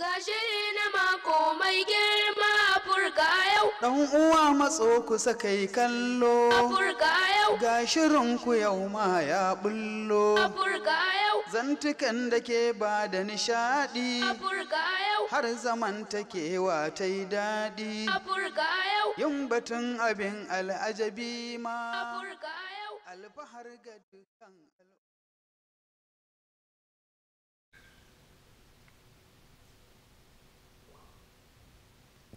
gashi na mako mai girma Afirka Ɗan uwa matso kusa kai kallo. Ga shirin ku yau ma ya bullo. Zantukan da ke ba da nishaɗi. Har zaman takewa ta yi daɗi. Yin batun abin al'ajabi ma. Alfahar ga dukkan.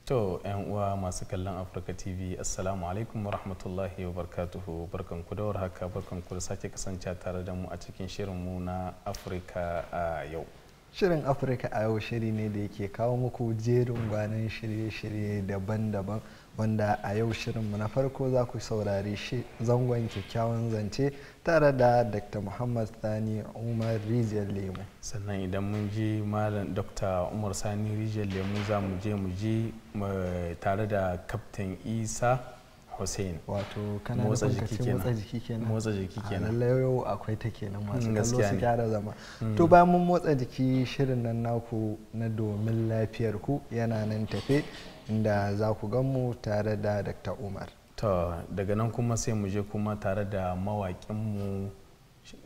To, ‘yan uwa masu kallon Afirka TV, Assalamu alaikum wa rahmatullahi wa barkatuhu, ku da haka barkanku da sake kasance tare da mu a cikin shirin mu na Afirka a yau. Shirin Afirka a yau shiri ne da yake kawo muku jerin gwanin shirye-shirye daban-daban wanda a yau shirinmu na farko za ku saurari zangon kyakkyawan zance tare da dr muhammad sani umar rijiyar lemu sannan idan mun ji malam dr umar sani rijiyar lemu za mu je mu ji tare da kaftin isa hussein wato kana motsa jiki kenan motsa jiki kenan motsa jiki kenan lallai yau akwai ta kenan masu kallo su kyara zama hmm. to ba mun motsa jiki shirin nan naku na domin lafiyar ku yana nan tafe inda za ku gan mu tare da dr umar ta daga nan kuma sai mu je kuma tare da mawaƙinmu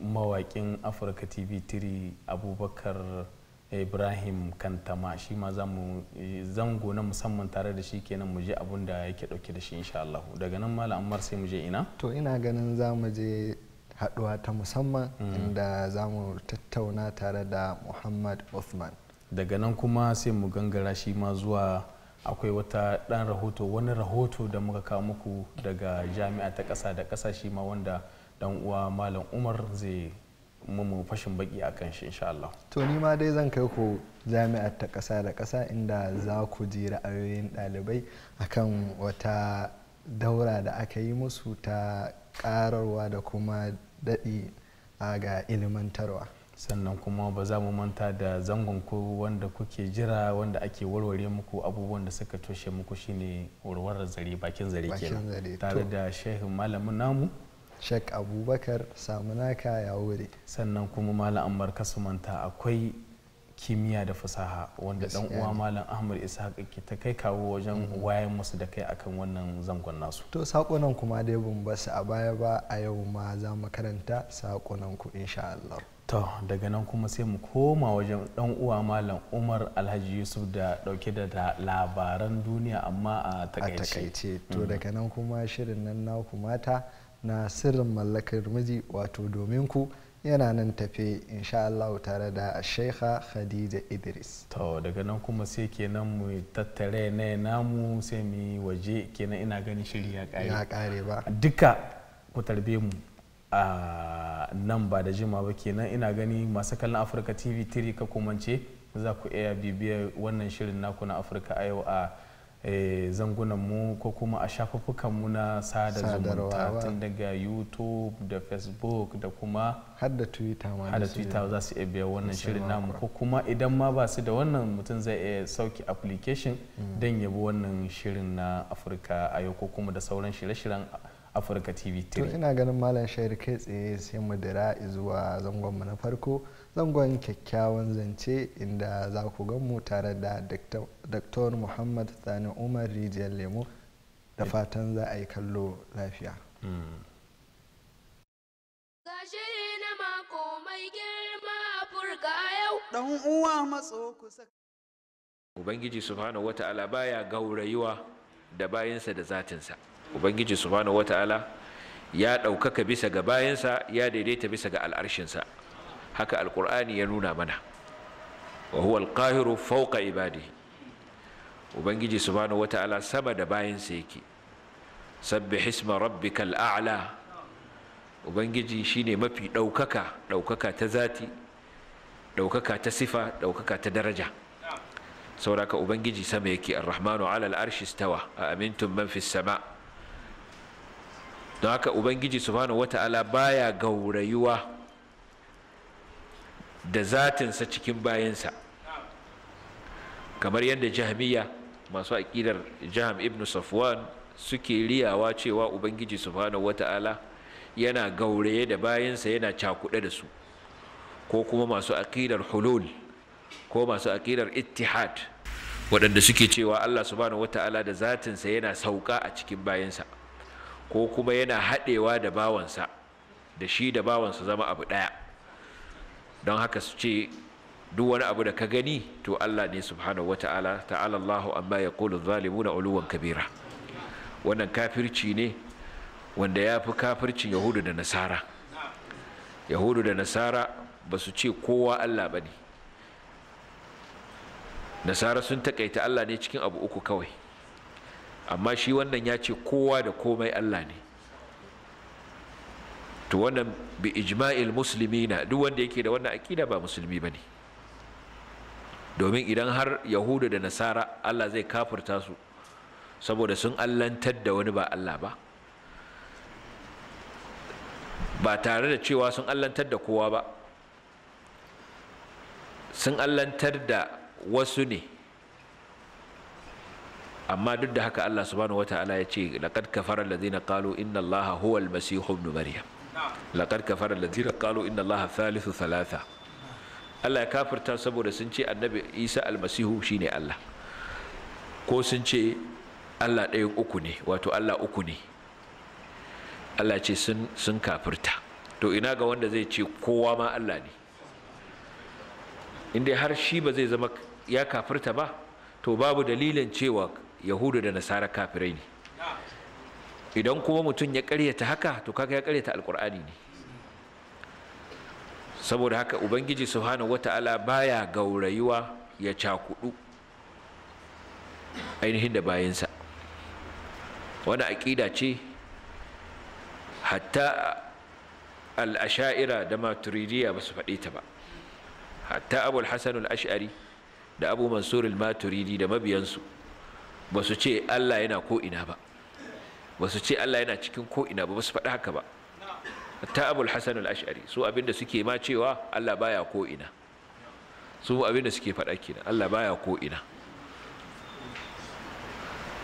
mawaƙin afirka tv 3 abubakar ibrahim kantama shi ma zango na musamman tare da shi kenan mu je abun da yake dauke da shi insha Allah daga nan malam ammar sai mu je ina to ina ganin za mu je haduwa ta musamman mm. inda za mu tattauna tare da muhammad Uthman daga nan kuma sai mu gangara shi ma zuwa akwai wata dan rahoto wani rahoto da muka kawo muku daga jami'a ta kasa da kasa shi ma wanda dan uwa malam umar zai mu fashin baki a kan shi insha Allah. To ni ma dai zan kai ku jami'a ta kasa da kasa inda za ku ji ra'ayoyin ɗalibai akan wata daura da aka yi musu ta ƙararwa da kuma daɗi ga ilimantarwa. sannan kuma ba za mu manta da zangon ku wanda kuke jira wanda ake warware muku abubuwan da suka toshe muku shine warwarar zare bakin zare ke tare da shehin malamin namu Sheikh Abubakar Samunaka ya wuri. Sannan kuma Malam su manta akwai kimiyya da fasaha wanda dan uwa Malam Ahmad ishak ke ta kai kawo wajen mm-hmm. wayan musu da kai akan wannan zangon nasu. To sakonan kuma dai bun basu a baya ba a yau ma za mu karanta sakonan ku insha Allah. to daga nan kuma sai mu koma wajen dan uwa malam umar alhaji yusuf da dauke da labaran duniya amma a takaice mm. to daga nan kuma shirin nan naku mata na sirrin mallakar miji wato domin ku yana nan tafe insha Allah tare da Sheikha Khadija Idris. To daga nan kuma sai kenan mu tattare na namu sai mu waje kenan ina ganin shiri Ya kare ba. Duka ku tarbe mu. a nan ba da jima ba kenan ina gani masu kallon afirka tv 3 ka komance za ku iya bibiyar wannan shirin naku na afirka a yau a eh, zangunan mu ko kuma a shafufukan mu na sada zumunta tun daga youtube da facebook da kuma hada twitter ma da twitter za su iya biya wannan shirin namu ko kuma idan ma ba su da wannan mutum zai iya sauki application mm. don yabi wannan shirin na afirka a yau ko kuma da sauran shirye-shiren afirka tv 3 to ina ganin malam shahir kai tsaye sai mu dira zuwa zangon mu na farko zangon kyakkyawan zance inda za ku gan mu tare da dr muhammad sani umar rijiyar lemo da fatan za a yi kallo lafiya hmm. uwa Ubangiji Subhanahu wa ta'ala baya gaurayuwa da bayansa da zatinsa. ubangiji subhanahu wataala ya ɗaukaka bisa ga bayansa ya daidaita bisa ga al'arshinsa haka alƙur'ani ya nuna mana wa huwa alqahiru fawqa ibadihi ubangiji subhanahu wataala sama da bayansa yake sabbih isma rabbikal a'la ubangiji shine mafi ɗaukaka ɗaukaka ta zati ɗaukaka ta sifa ɗaukaka ta daraja sauraka ubangiji sama yake arrahmanu ala al'arshi stawa a amintun man fis sama' don haka ubangiji subhanahu wata'ala baya gaurayuwa da zatinsa cikin bayansa kamar yadda jahmiya masu aƙidar jaham ibn safwan suke riyawa cewa ubangiji subhanahu wata'ala yana gauraye da bayansa yana cakuɗe da su ko kuma masu aƙidar hulul ko masu aƙidar ittihad waɗanda suke cewa allah subhanahu wata'ala da zatinsa yana sauka a cikin bayansa ko kuma yana haɗewa da bawansa da shi da bawansa zama abu ɗaya don haka su ce duk wani abu da ka gani to Allah ne subhanahu wa ta'ala Allahu amma zalimu na uluwan kabira wannan kafirci ne wanda ya fi kafircin yahudu da nasara yahudu da nasara ba su ce kowa Allah ba ne nasara sun taƙaita Allah ne cikin abu uku kawai amma shi wannan ya ce kowa da komai Allah ne to wannan bi ijma'il musulmi na duk wanda yake da wannan aƙida ba musulmi ba ne domin idan har yahudu da nasara Allah zai kafurta su saboda sun allantar da wani ba Allah ba ba tare da cewa sun allantar da kowa ba sun allantar da wasu ne amma duk da haka Allah subhanahu wataala ya ce laqad kafara alladhina qalu inna allaha huwa al-masih ibn maryam laqad kafara alladhina qalu inna allaha thalithu thalatha Allah ya kafirta saboda sun ce annabi Isa almasihu shine Allah ko sun ce Allah ɗayan uku ne wato Allah uku ne Allah ce sun sun kafirta to ina ga wanda zai ce kowa ma Allah ne in dai har shi ba zai zama ya kafirta ba to babu dalilin cewa yahudu da nasara kafirai ne idan kuma mutum ya karyata haka to kaga ya karyata alkur'ani ne saboda haka ubangiji subhanahu wata'ala baya gaurayuwa ya cakudu ainihin da bayansa wani aƙida ce hatta al'asha'ira da maturidiya ba su faɗi ta ba hatta abu ashari da abu mansur al-maturidi da mabiyansu ba su ce Allah yana ko'ina ba ba su ce Allah yana cikin ko'ina ba ba su faɗi haka ba ta abul hasan al-ash'ari su abinda suke ma cewa Allah baya ko'ina su abinda suke faɗa kenan Allah baya ko'ina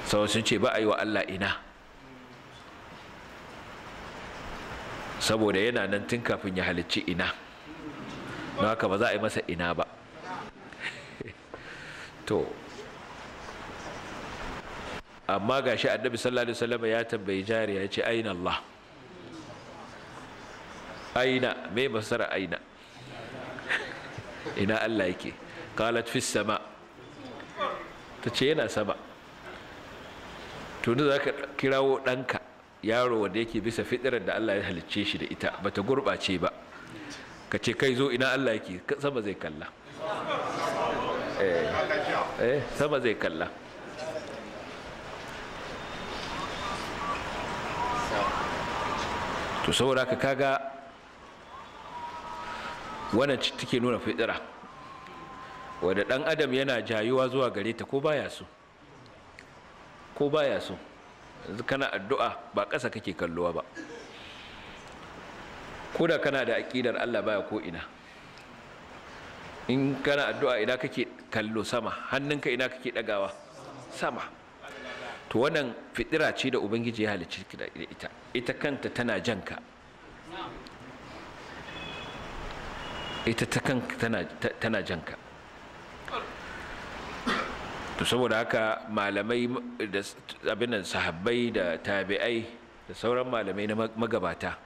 sau sun ce ba a yi wa Allah ina saboda yana nan tun kafin ya halicci ina na haka ba za a yi masa ina ba to amma ga shi annabi sallallahu alaihi wasallam ya tambayi jariya ya ce aina Allah aina me masara aina ina Allah yake qalat fis sama ta ce yana sama to ne zaka kirawo danka yaro wanda yake bisa fitirar da Allah ya halicce shi da ita bata gurbace ba ka ce kai zo ina Allah yake sama zai kalla eh, eh sama zai kalla to saboda ka kaga wannan take nuna fitira wadda dan adam yana jayuwa zuwa gare ta ko baya so ko baya so yanzu kana addu'a ba ƙasa kake kalluwa ba ko da kana da aƙidar Allah baya ko ina in kana addu'a ina kake kallo sama hannunka ina kake ɗagawa sama to wannan fitira ce da ubangiji ya halicci da ita ita kanta tana janka ita ta kanka tana janka to saboda haka malamai da abinan sahabbai da tabi'ai da sauran malamai na magabata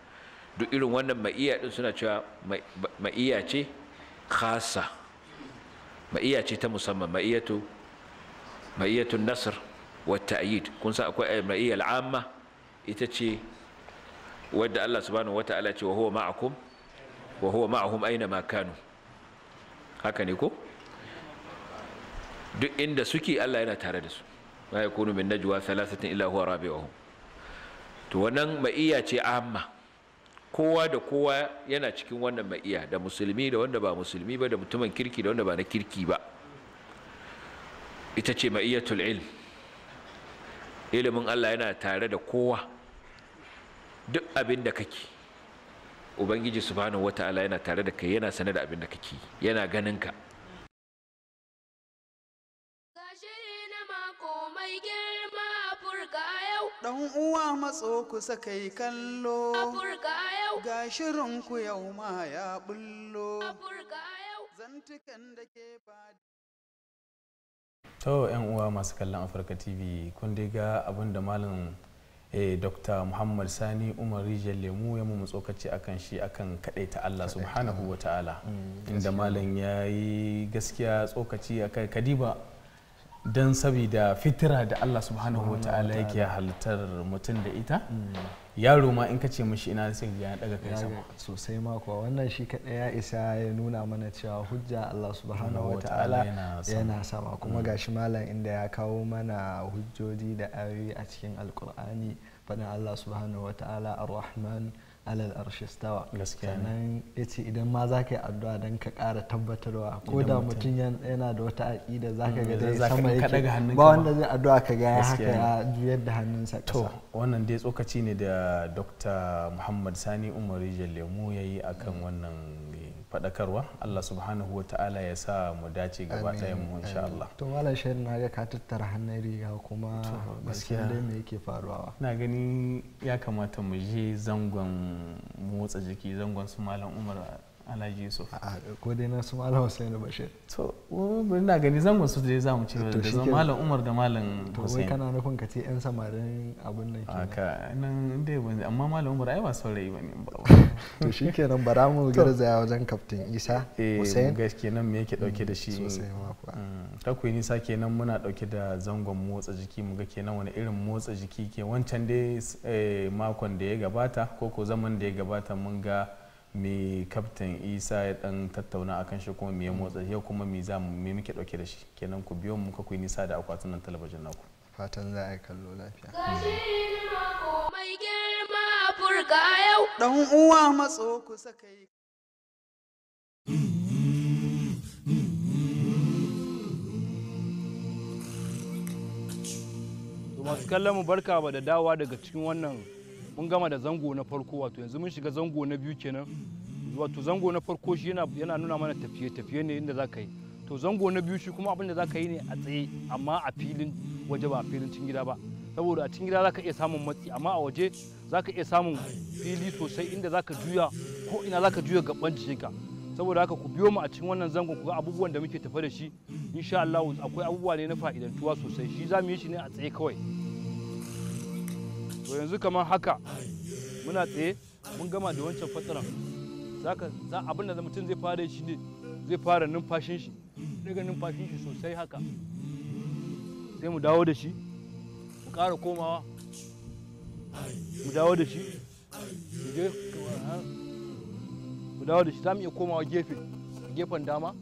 duk irin wannan ma'iya din suna cewa ma'iya ce khasa ma'iya ce ta musamman ma'iyatu ma'iyatun wa ta'yid kun san akwai al-mar'iyya al-amma ita ce wadda Allah subhanahu wata'ala ce wa huwa aina ma duk inda suke Allah yana tare da su ma yakunu min ma'iya ce amma kowa da kowa yana cikin wannan ma'iya da musulmi da wanda ba musulmi ba da mutumin kirki da wanda ba na kirki ba ita ce ma'iyatul ilm ilimin Allah yana tare da kowa duk abin da kake ubangiji subhanahu wata'ala yana tare da kai yana sane da abin da kake yana ganin ka Dan uwa matso ku sakai kallo, ga shirinku yau ma ya bullo, zantukan da ke fadi. to yan uwa masu kallon afirka tv kun dai ga abin da malam eh, dr muhammad sani umar rijiyar lemu ya mu tsokaci kan shi akan ta allah subhanahu wa ta'ala mm, inda malam ya yi gaskiya tsokaci a kai kadiba don sabida fitira da allah subhanahu wa ta'ala yake halittar mutum da ita mm. yaro ma in ka ce mashi ina sai ya daga kai sama sosai ma kuwa wannan shi kadai ya isa ya nuna mana cewa hujja Allah subhanahu wataala yana sama kuma mm. gashi malam inda ya kawo mana hujjoji da ayoyi a cikin alkur'ani faɗin Allah subhanahu wataala ar-rahman alal arshi stawa sannan ya ce idan ma za ka yi addu'a don ka kara tabbatarwa ko da mutum yana da wata aƙida za ka mm, ga dai sama yake ba wanda zai addu'a ka ga haka ya juyar da hannunsa to wannan dai tsokaci ne da dr muhammad sani umar lemu ya yi akan wannan faɗakarwa Allah subhanahu ta'ala ya sa mu dace gaba ɗayan mu insha Allah to malam shehu na ga tattara hannun riga kuma gaskiya dai me yake faruwa ina gani ya kamata mu je zangon motsa jiki zangon su malam Umar alhaji yusuf a ko dai na su malam hussein bashir to bari na gani zangon su dai zamu ci da zan malam umar da malam hussein to kana nufin ka ce yan samarin abun nan kenan aka nan dai ban amma malam umar ai ba saurayi bane ba to shikenan bara mu garzaya wajen Captain isa eh, hussein gaskiya nan me yake dauke da shi mm, sosai ma kuwa mm, ta ku nisa kenan muna dauke da zangon motsa jiki mu ga kenan wani irin motsa jiki ke wancan dai eh, makon da ya gabata ko ko zaman da ya gabata mun ga me kaftin isa ya dan tattauna akan shi kuma me ya mm. motsa yau kuma me za me muke dauke da shi kenan ku biyo mu ku nisa da akwatin nan talabijin naku fatan za a yi kallo lafiya mai dan uwa matso ku saka masu kallon mu barka ba da dawa daga cikin wannan mun gama da zango na farko wato yanzu mun shiga zango na biyu kenan wato zango na farko shi yana nuna mana tafiye-tafiye ne inda za ka yi to zango na biyu shi kuma abin da za ka yi ne a tsaye amma a filin waje ba a filin cin gida ba saboda a cikin gida za ka iya samun matsi amma a waje za ka iya samun fili sosai inda za ka juya ko ina za ka juya gaban jikinka saboda haka ku biyo mu a cikin wannan zangon ku ga abubuwan da muke tafi da shi insha Allah akwai abubuwa ne na fa'idantuwa sosai shi za mu yi shi ne a tsaye kawai to yanzu kamar haka muna tsaye mun gama da wancan fataran zaka za abin da mutum zai fara shi ne zai fara numfashin shi daga numfashin shi sosai haka sai mu dawo da shi mu ƙara komawa mu dawo da shi mu dawo da shi za mu iya komawa gefe gefen dama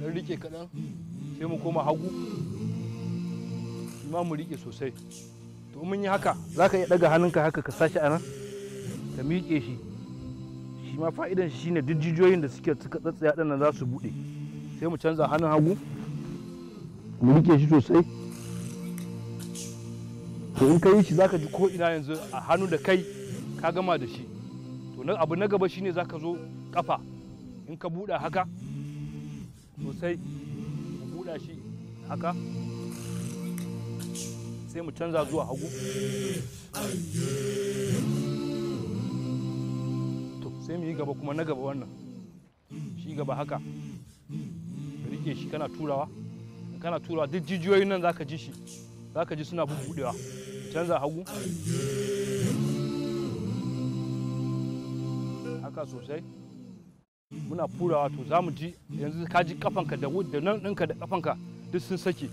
dan rike kaɗan sai mu koma hagu ma mu rike sosai to mun yi haka za ka iya ɗaga hannunka haka ka sashi a nan ka miƙe shi shi ma fa'idan shi shine duk jijiyoyin da suke suka tsatsaya ɗin nan za su buɗe sai mu canza hannun hagu mu riƙe shi sosai to in ka yi shi za ka ji ko ina yanzu a hannu da kai ka gama da shi to abu na gaba shine za ka zo kafa in ka buɗa haka sosai ka buɗa shi haka sai mu canza zuwa hagu to sai mu yi gaba kuma na gaba wannan shi gaba haka ka rike shi kana turawa kana turawa duk jijiyoyin nan zaka ji shi zaka ji suna bubudewa canza hagu haka sosai muna furawa to za mu ji yanzu ka ji kafanka da nan ɗinka da kafanka duk sun sake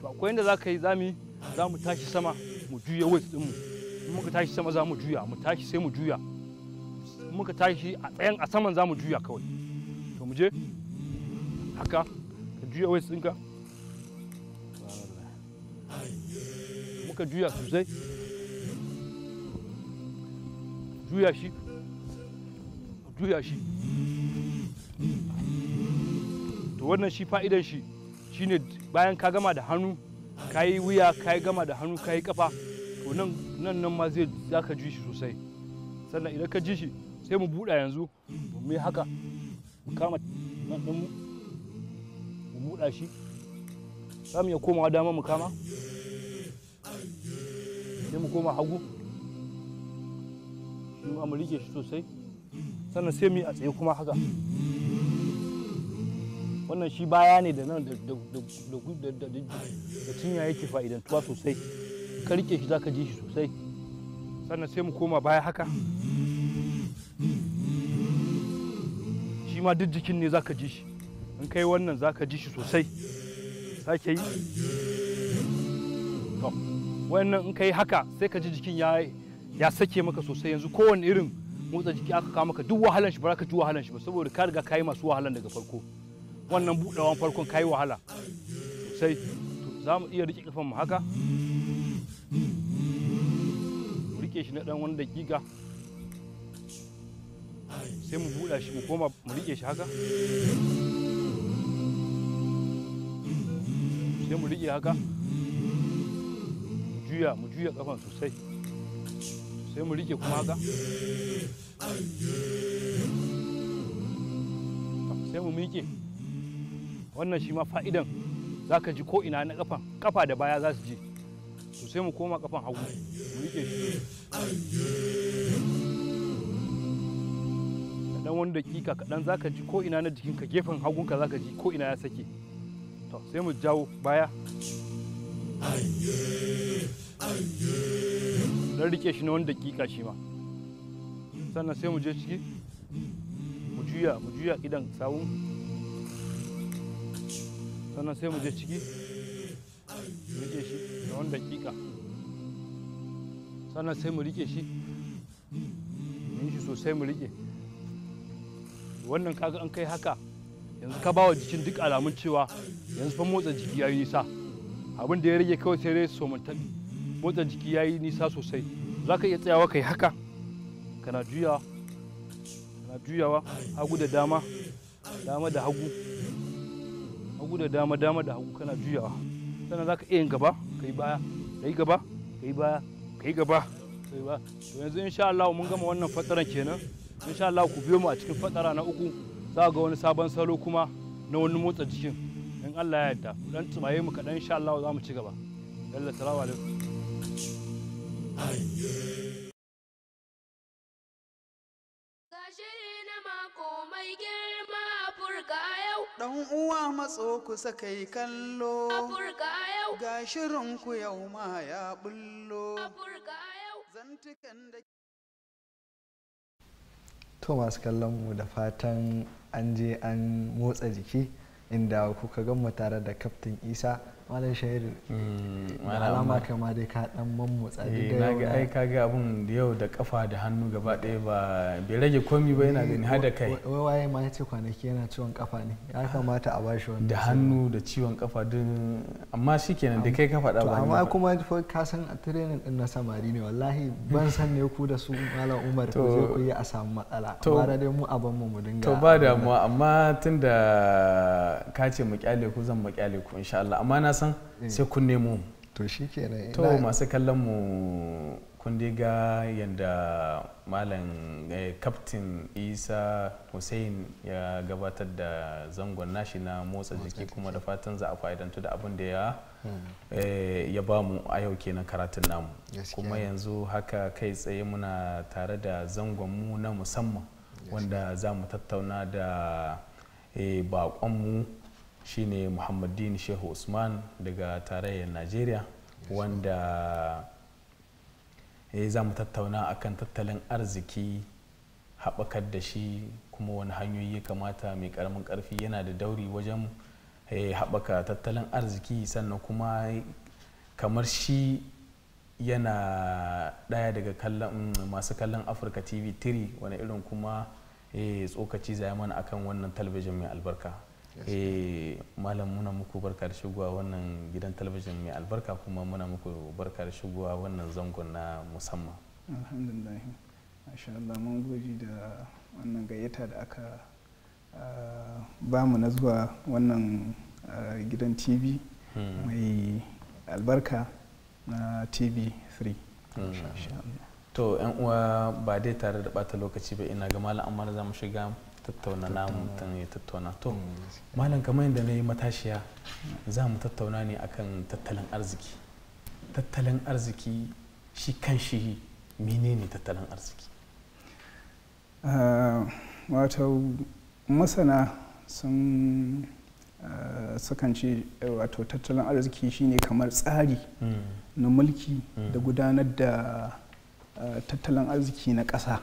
to akwai yadda za ka yi za mu yi za mu tashi sama mu juya weight din mu in muka tashi sama za mu juya mu tashi sai mu juya in muka tashi a tsayan a saman za mu juya kawai to mu je haka ka juya din ɗinka muka juya sosai juya shi juya shi to wannan shi fa'idan shi shine bayan ka gama da hannu ka yi wuya ka yi gama da hannu ka yi kafa to nan nan nan ma zai za ka ji shi sosai sannan idan ka ji shi sai mu buɗa yanzu mu yi haka mu kama nan mu mu buɗa shi za mu iya komawa dama mu kama sai mu koma hagu mu rike shi sosai sannan sai mu yi a tsaye kuma haka wannan shi baya ne da nan da cinya yake fa'idantuwa sosai ka rike shi zaka ji shi sosai sannan sai mu koma baya haka shi ma duk jikin ne zaka ji shi in kai wannan zaka ji shi sosai sake yi to wannan in kai haka sai ka ji jikin ya ya sake maka sosai yanzu kowane irin motsa jiki aka kawo maka duk wahalan shi ba za ka ji wahalan shi ba saboda ka riga ka yi masu wahalan daga farko wannan buɗewan farkon kayi wahala sai za mu iya rike kafan mu haka rike shi na ɗan wani dakika sai mu buɗa shi mu koma mu rike shi haka sai mu rike haka mu juya mu juya kafan sosai sai mu rike kuma haka sai mu miƙe wannan shi ma fa'idan za ka ji ko ina na kafan kafa da baya za su je to sai mu koma kafan hagu mu rike shi dan wani dakika kaɗan za ka ji ko ina na jikinka gefen hagunka za ka ji ko ina ya sake to sai mu jawo baya dan rike shi na wani dakika shi ma sannan sai mu je ciki mu juya mu juya idan sawun sannan sai mu je ciki mu rike shi da wani dakika sannan sai mu rike shi mu yi shi sosai mu rike wannan kaga an kai haka yanzu ka ba wa jikin duk alamun cewa yanzu fa motsa jiki ya yi nisa abin da ya rage kawai sai dai somantabi motsa jiki ya yi nisa sosai za ka iya tsayawa kai haka kana juyawa kana juyawa hagu da dama dama da hagu hagu da dama dama da hagu kana juyawa sannan za ka iya yin gaba ka yi baya ka yi gaba ka yi baya ka yi gaba ka yi baya to yanzu insha Allah mun gama wannan fatsaran kenan insha Allah ku biyo mu a cikin fatsara na uku za ga wani sabon salo kuma na wani motsa jikin in Allah ya yarda dan tsumaye mu kaɗan insha Allah za mu ci gaba yalla salamu alaikum matso kusa yi kallo ga ku yau ma ya bullo zantukan to masu kallon mu da fatan an je an motsa jiki inda kuka gan mu tare da kaftin isa malam shahiru mm, alama kama dai ka dan mammotsa duk eh, da yau ai kaga abun yau da kafa da hannu gaba daya ba bai rage komi ba yana eh, gani hada kai wai waye ma yace kwanaki yana ciwon kafa ne ya kamata a bashi wannan da hannu da ciwon kafa din amma shikenan da kai ka da ba amma kuma ka san training din na samari ne wallahi ban san ne ku da su malam Umar ku je ku yi a samu matsala amma dai mu aban mu mu dinga to ba damuwa amma tunda ka ce mu kyale ku zan mu kyale ku insha Allah amma na san eh. sai kun nemo mu to to masu kallon mu kun ga yadda malam kaftin eh, isa hussein ya gabatar da zangon nashi na motsa jiki kuma da fatan za a fa'idantu da abin da ya hmm. eh, ya ba mu a yau kenan karatun namu kuma yanzu haka kai tsaye muna tare da zangon mu na musamman wanda za mu tattauna da baƙon mu shine muhammadin shehu usman daga tarayyar najeriya wanda ya eh, za mu tattauna akan tattalin arziki haɓakar da shi kuma wani hanyoyi ya kamata mai karamin karfi yana da dauri wajen eh, haɓaka tattalin arziki sannan kuma kamar shi yana ɗaya daga masu kallon afirka tv 3 wani irin kuma eh, tsokaci zai mana akan wannan talabijin mai albarka Eh, malam muna muku barka da shigowa wannan gidan talabijin mai albarka kuma muna muku barka da shigowa wannan zangon na musamman alhamdulillah masha Allah mun goji da wannan gayyata da aka ah, ba mu na zuwa wannan ah, gidan tv hmm. mai albarka na tv 3 hmm. to yan uwa ba dai tare da bata lokaci ba ina ga malam amma za mu shiga tattauna na mutum ya tattauna to mm. malam kamar yadda na yi matashiya za mu tattauna ne akan tattalin arziki tattalin arziki shi kan shi menene tattalin arziki ah, wato masana sun ah, sukan ce eh, wato tattalin arziki shine kamar tsari mm. na mulki mm. da gudanar da ah, tattalin arziki na ƙasa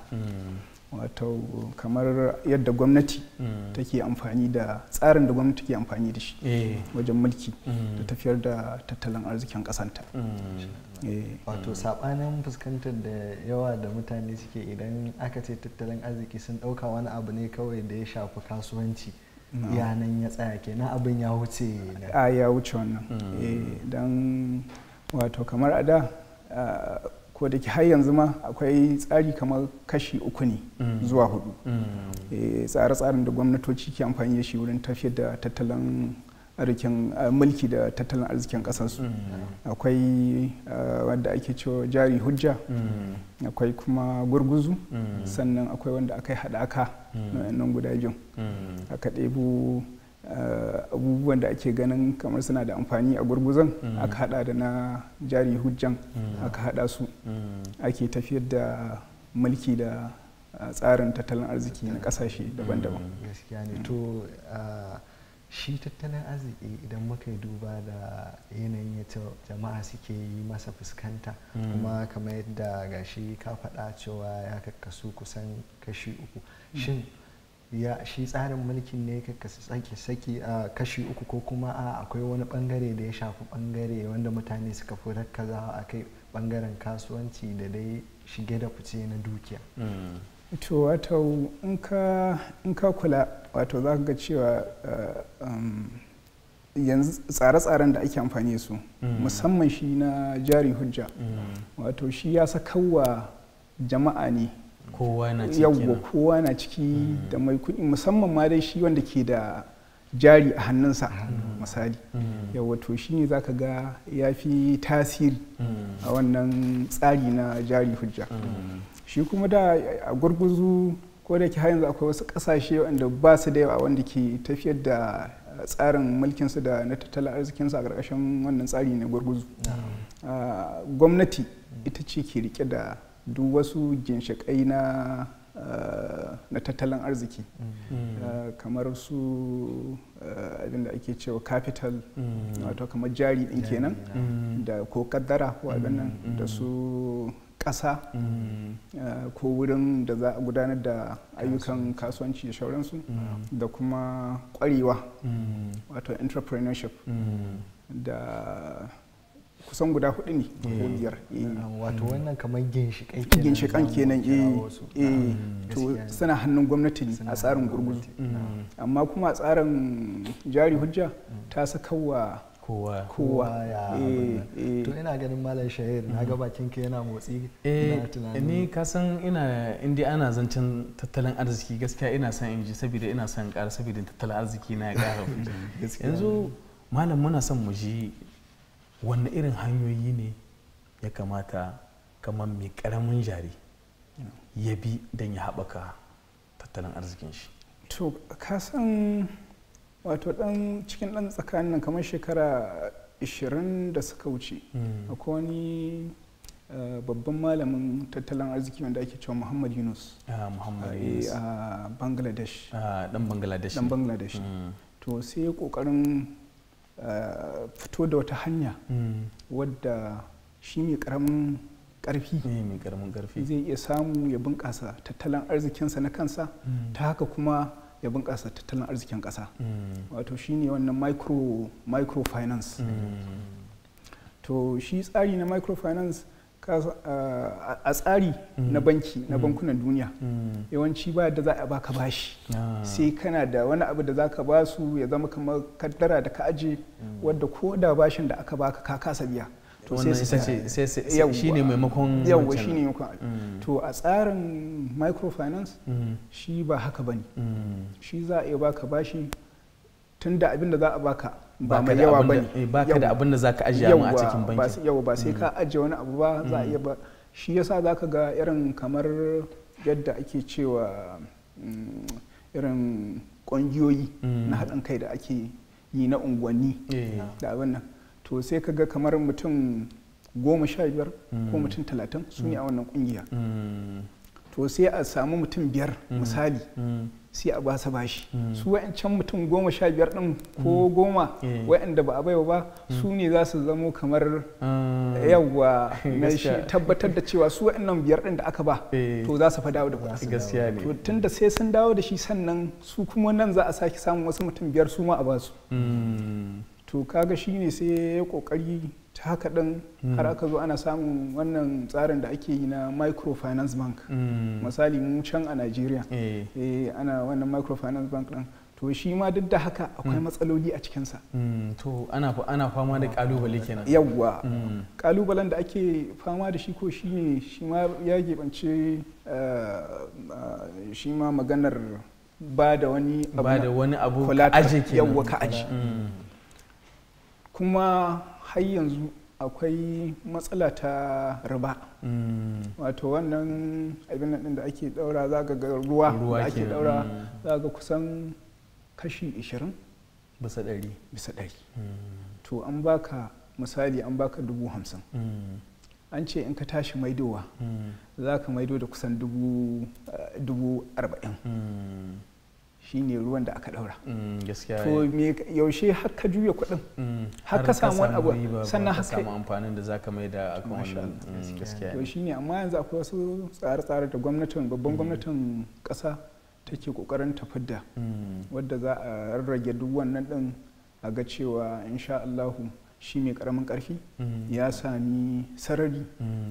wato kamar yadda gwamnati mm. take amfani da tsarin da gwamnati ke amfani da shi eh. wajen mulki da mm. tafiyar da tattalin arzikin kasanta mm. eh. wato sabanin fuskantar da yawa da mutane suke idan aka ce tattalin arziki sun dauka wani abu ne kawai da ya shafi kasuwanci yanan ya tsaya kenan abin ya wuce a ah, ya wuce wannan eh, don wato kamar a da ah, ko da ke har yanzu ma akwai tsari kamar kashi uku ne mm. zuwa hudu mm. eh, tsare-tsaren da gwamnatoci ke amfani da shi wurin tafiyar da tattalin arzikin mulki da tattalin arzikin kasarsu mm. akwai wanda ake cewa jari hujja akwai kuma gurguzu sannan akwai wanda aka yi haɗaka na guda biyun aka ɗebo Eh, abubuwan da ake ganin kamar suna da amfani a gurguzan mm. aka hada da na jari hujjan mm. aka hada su mm. ake tafiyar da mulki da eh, tsarin tattalin arziki na kasashe daban-daban gaskiya ne to eh, shi tattalin arziki idan muka duba da yanayin yadda jama'a suke yi masa fuskanta kuma kamar yadda gashi ka faɗa cewa ya kakkasu kusan kashi uku shin ya shi tsarin mulkin ne ka sake saki a kashi uku ko kuma a akwai wani bangare da ya shafi bangare wanda mutane suka fi rakkazawa a kai bangaren kasuwanci da dai shige da fice na dukiya mm. to wato in ka kula wato za ga cewa eh, um, yanzu tsare-tsaren da ake amfani su mm. musamman shi na jari hujja mm. wato shi ya sakawa jama'a ne kowa na ciki yawwa kowa na ciki mm. da mai kuɗi musamman ma dai shi wanda ke da jari a hannunsa misali mm. yawwa to shi ne za ka ga ya fi tasiri mm. a wannan tsari na jari hujja shi kuma da a gurguzu ko da ke yanzu akwai wasu ƙasashe wanda ba su da yawa wanda ke tafiyar da tsarin mulkinsu da na tattalin arzikinsu a ƙarƙashin wannan tsari na gurguzu ah, gwamnati ita ce ke rike da duk wasu ginshiƙai na eh, na tattalin arziki mm. eh, kamar su eh, abinda ake cewa capital mm. wato kamar jari ɗin kenan mm. da ko kaddara ko da su ƙasa ko wurin da za a gudanar da ayyukan kasuwanci da shauransu da kuma ƙwarewa wato entrepreneurship da kusan guda hudu ne ko eh, biyar eh. Eh, wato wannan kamar ginshiƙan kenan ginshiƙan kenan eh ah, to suna hannun gwamnati ne a tsarin gurguzu mm. amma kuma a tsarin jari hujja ta sakawa kowa kowa ya to ina ganin malam shahir na ga mm. bakin ka yana motsi eh ni ka san ina indai ana zancen tattalin arziki gaskiya ina son in ji saboda ina son ƙara saboda tattalin arziki na ya ƙara yanzu malam muna son mu ji wanne irin hanyoyi ne ya kamata kamar mai karamin jari ya bi don ya haɓaka tattalin arzikin shi to ka san wato dan cikin dan tsakanin nan kamar shekara 20 da suka wuce hmm. akwai wani eh, babban malamin tattalin arziki wanda ake cewa muhammad yunus a ah, eh, ah, bangladesh dan ah, bangladesh hmm. to sai ya kokarin fito da wata hanya wadda shi mai karamin karfi zai iya samu ya bunƙasa tattalin arzikinsa na kansa mm. ta haka kuma ya bunƙasa tattalin arzikin ƙasa mm. wato shi ne wannan microfinance mm. to shi tsari na microfinance a tsari mm. na banki na mm. bankunan duniya mm. yawanci ba da za a baka bashi ah. sai kana da wani abu da za ka ba su ya zama kamar kaddara da ka aje wadda ko da bashin da aka baka ka kasa biya to sai ne maimakon shi ne maimakon to a tsarin microfinance shi ba haka bane shi za a iya baka bashi tun da abin da za a baka ba mai yawa ba ne eh, ba ka da abin da za ka ajiye a cikin bankin yawa ba sai mm. ka ajiye wani abu ba za a mm. iya ba shi yasa za ka ga irin kamar yadda ake cewa mm, irin ƙungiyoyi na haɗin kai da ake yi na unguwanni eh. da abin nan to sai ka ga kamar mutum goma sha biyar ko mutum talatin sun yi a wannan ƙungiya to sai a samu mutum biyar misali sai a basa bashi hmm. su wa'ancan mutum goma sha biyar ɗin ko hmm. goma eh. wa'anda ba a baiwa ba hmm. su ne za su zamo kamar yawwa na shi tabbatar da cewa su wa'annan biyar ɗin da aka ba eh. to za su fa dawo da kuɗi to tun da sai sun dawo da shi sannan su kuma nan za a sake samun wasu mutum biyar su ma a basu to kaga shi ne sai ya kokari ta haka ɗin hmm. har aka zo ana samun wannan tsarin da ake yi na microfinance bank hmm. misali mu can a nigeria eh. eh, ana wannan microfinance bank ɗin to shi ma duk da haka akwai hmm. matsaloli a cikinsa to ana fama da kalubale kenan yawwa kalubalen da ake fama da shi ko shi ne shi ma ya gebance eh, shi ma maganar ba da wani abu ka aji kuma har yanzu akwai matsala ta riba mm. wato wannan abin nan da ake daura za ga ruwa da ake daura mm. za ga kusan kashi 20 bisa ɗari bisa ɗari mm. to an baka misali an baka dubu hamsin an ce in ka tashi maidowa za ka maido da kusan dubu eh, arba'in shine ruwan da aka daura mm, to eh. yaushe har ka juya kuɗin mm, har ka samu wani abu sannan har samu amfanin da zaka mai da akan wannan mm, gaskiya to shine amma yanzu akwai wasu tsare-tsare da gwamnatin babban gwamnatin ƙasa take kokarin tafar da wanda za a rarrage duk wannan din a ga cewa insha Allahu shi mai karamin karfi ya sami sarari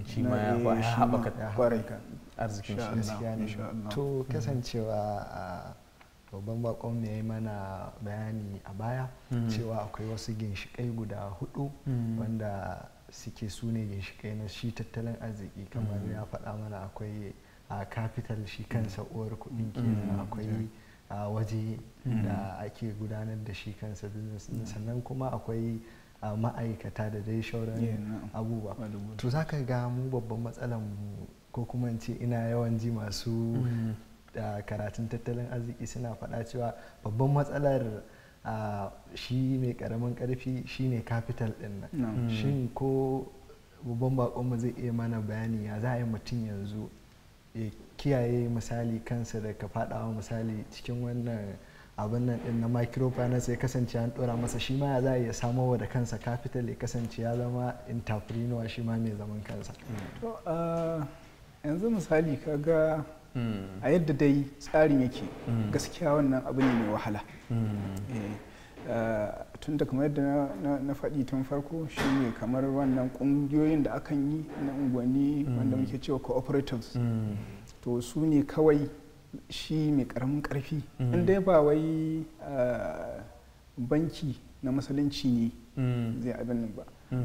shi ma ya eh, haɓaka kwarai arzikin shi to kasancewa ah, babban bakon ya yi mana bayani a baya hmm. cewa akwai wasu ginshikai guda hudu hmm. wanda suke su ne ginshikai na shi tattalin arziki kamar hmm. ya faɗa mana akwai a capital shi kansa uwar kuɗi. kenan akwai a waje da ake gudanar da shi kansa business sannan kuma akwai ma'aikata da dai shauran abubuwa to za ka ga mu babban matsalan mu ko kuma ce ina yawan ji masu karatun tattalin arziki suna faɗa cewa babban matsalar shi mai karamin karfi shine capital din nan mm. shin ko babban mu zai iya mana bayani ya za a yi mutum yanzu ya kiyaye misali kansa daga faɗawa misali cikin wannan abin nan din na microfinance ya kasance an dora masa shi ma ya za a iya samo da kansa capital ya kasance ya zama entrepreneur shi ma mai zaman kansa yanzu misali kaga a yadda dai tsarin yake gaskiya wannan abu ne mai wahala eh, eh, tun da kamar yadda na faɗi tun farko shine kamar wannan ƙungiyoyin da akan yi na unguwanni wanda muke cewa cooperatives to su ne kawai shi mai ƙaramin ƙarfi inda ba wai eh, banki na musulunci ne zai abin ba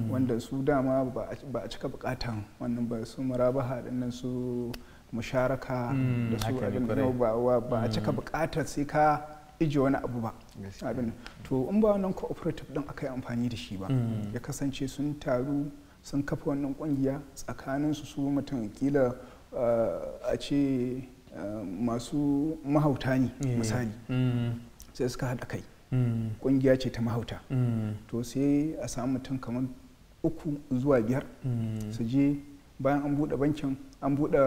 wanda su dama ba a cika bukatan wannan ba su marabaha nan su musharaka mm, da su abin ba a cika mm. bukatar sai ka ije wani abu ba abin to in ba wannan cooperative din aka yi amfani da shi ba mm. ya kasance sun taru sun kafa wannan kungiya tsakanin su su mutum kila eh, a ce eh, masu mahauta ne misali sai suka haɗa kai kungiya ce ta mahauta to sai a samu mutum kamar uku zuwa biyar su je bayan an buɗe bankin an buɗe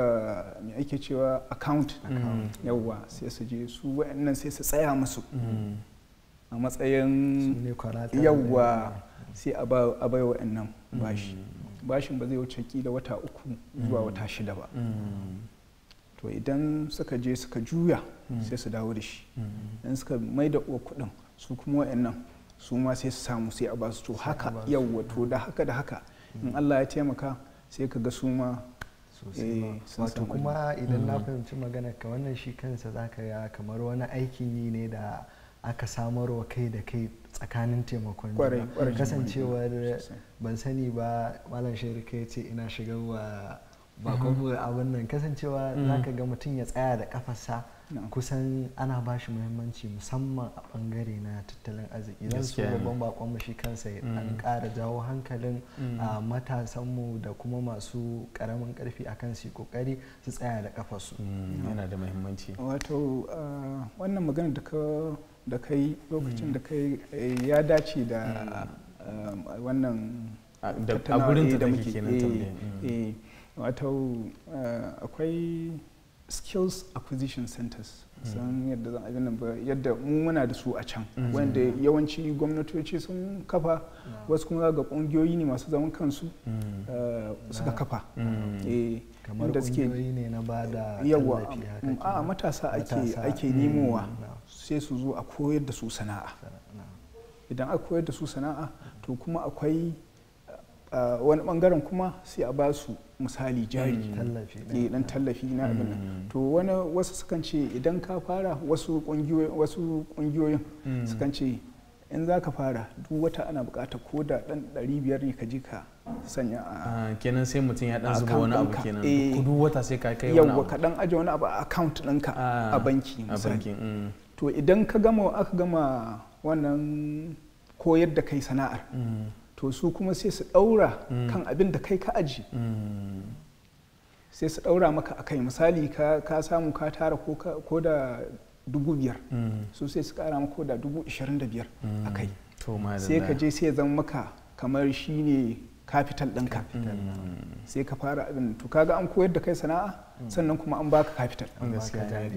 me ake cewa account mm. yawwa sai su je su wa'annan sai su tsaya musu mm. a matsayin yawwa sai a bai wa'annan mm. bashi bashin ba zai wuce kila wata uku zuwa wata shida ba to idan suka je suka juya sai su dawo da shi idan suka mai da uwa kuɗin su kuma wa'annan su ma sai su samu sai a basu to haka yawwa to da haka da haka in allah ya taimaka sai ka ga su ma eh, wato kuma idan na mm. fahimci magana ka wannan shi kansa zaka ga kamar wani aikin yi ne da aka samarwa kai da kai tsakanin taimakon kasancewar ban sani ba malam shirka kai ce ina shigarwa ba. Mm-hmm. bakon abin nan kasancewa zaka mm-hmm. ga mutum ya tsaya da kafarsa kusan ana ba shi muhimmanci musamman a bangare na tattalin arziki don su babban bakon mu shi kansa ya dan kara mm. jawo hankalin mm. A ah, matasanmu da kuma masu karamin karfi akan su kokari su tsaya da kafarsu mm, yana da muhimmanci wato ah, wannan magana da ka yi lokacin da ka eh, ya dace da ah, wannan da a gurin da muke kenan eh, eh, wato akwai skills acquisition centers hmm. san yadda zan abin nan ba yadda mu muna da su a can hmm. wanda yawanci gwamnatoci sun kafa hmm. wasu kuma ga kungiyoyi ne masu zaman kansu eh, suka kafa eh, kamar kungiyoyi ne na ba da yawa mm, a matasa ake nemowa sai su zo a koyar da su sana'a idan aka koyar da su sana'a to kuma akwai wani bangaren kuma sai a ba su misali jari dan mm. eh, tallafi na abin nan mm. to wani wasu sukan ce idan ka fara wasu kungiyoyin mm. sukan ce in za ka fara duk wata ana bukata ko da dan 500 ne ka je ka sanya a ah, kenan sai mutum ya dan zuba wani abu kenan eh. duk wata sai ka kai wani abu ka dan aje wani abu a account ɗinka ah, a banki to idan ka gama aka gama wannan koyar da kai sana'ar to su kuma sai su ɗaura mm. kan abin da kai ka aji mm. sai su ɗaura maka a kai misali ka samu ka tara ko da dubu biyar mm. su sai su kara maka ko da dubu ashirin da biyar a kai sai ka je sai zama maka kamar shi ne kafital ɗinka mm. sai ka fara abin to kaga an koyar da kai sana'a mm. sannan kuma an baka capital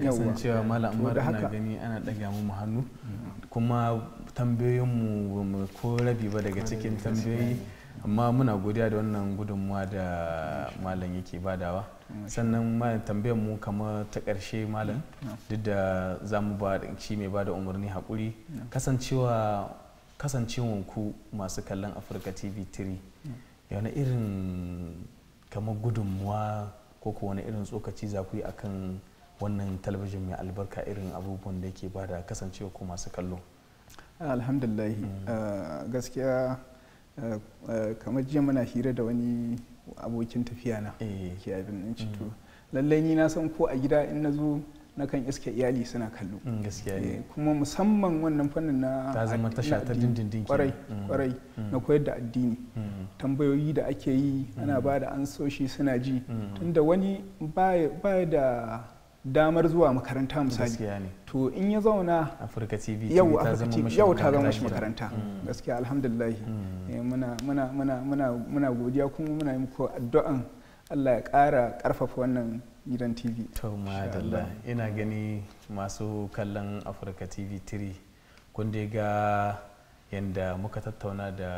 yawa cewa mala amma ana gani ana ɗaga mu hannu mm. kuma tambayoyin mu ko rabi ba daga cikin tambayoyi amma muna godiya da wannan gudunmuwa da malam yake badawa sannan malam tambayar mu kamar ta karshe malam duk da za mu ba shi mai bada da umarni haƙuri kasancewa kasancewa ku masu kallon afirka tv 3 wani irin kamar gudunmuwa ko ko wani irin tsokaci za ku yi kan wannan talabijin mai albarka irin abubuwan da ke bada kasancewa ko masu kallo alhamdulahi mm. eh, gaskiya eh, kamar jiya muna hira da wani abokin tafiya na eh. ke abin mm. lallai ni na san ko a gida in na zo na kan iske iyali suna kallo mm, eh, kuma musamman wannan fannin na ta zama tasha ta dindindin kwarai mm. kwarai mm. na koyar da addini tambayoyi da ake yi ana ba da ansoshi suna ji tunda wani baya da damar zuwa makaranta misali to in ya zauna afirka tv yau yau ta zama shi makaranta gaskiya alhamdulillah eh, muna godiya kuma muna yi muku addu'an Allah ya ƙara ƙarfafa wannan gidan tv to dalla ina gani masu kallon afirka tv 3 kun dai ga yadda muka tattauna da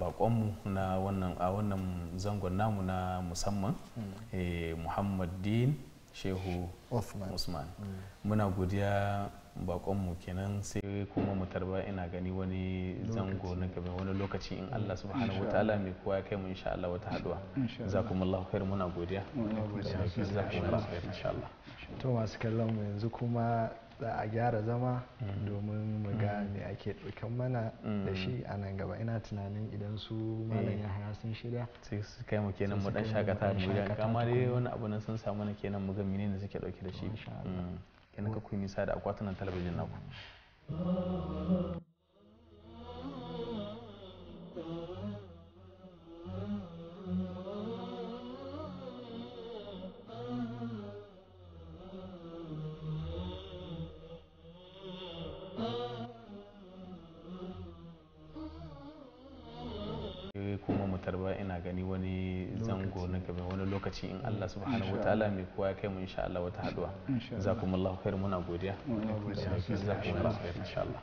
bakonmu na wannan a wannan zangon namu na musamman hmm. eh, muhammad din shehu usman hmm. muna godiya Bakon mu kenan sai kuma mu tarba ina gani wani zango na gaba wani lokaci in Allah subhanahu wataala mai kowa ya kai mu insha Allah wata haduwa jazakumullahu khair muna godiya jazakumullahu khair insha Allah to masu kallon mu yanzu kuma za a gyara zama mm. domin mu ga mm. me ake ɗaukan mana da shi mm. a nan gaba ina tunanin idan su malam eh. ya haya sun shirya sai su kai mu kenan mu dan shakata mu ga kamar wani abu na sun samu na kenan mu ga menene suke dauke da shi kenan ka kuyi nisa da akwatunan talabijin naku eh, kuma mutarba ina gani wani gonan kamar wani lokaci in Allah subhanahu wataala mai kowa ya kai mu insha Allah wata haduwa jazakumullahu khair muna godiya za jazakumullahu khair insha Allah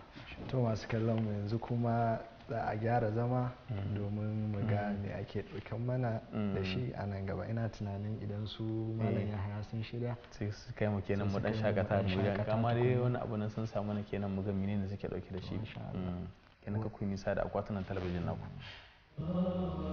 to masu kallon mu yanzu kuma za a gyara zama mm. domin mu ga mm. me ake ɗaukan mana da mm. shi a nan gaba ina tunanin idan su malam eh. ya haya sun shirya sai su kai mu kenan mu dan shakata mu ga kama dai wani abu na sun samu na kenan mu ga menene suke ɗauke da shi kenan ka ku nisa da akwatunan talabijin naku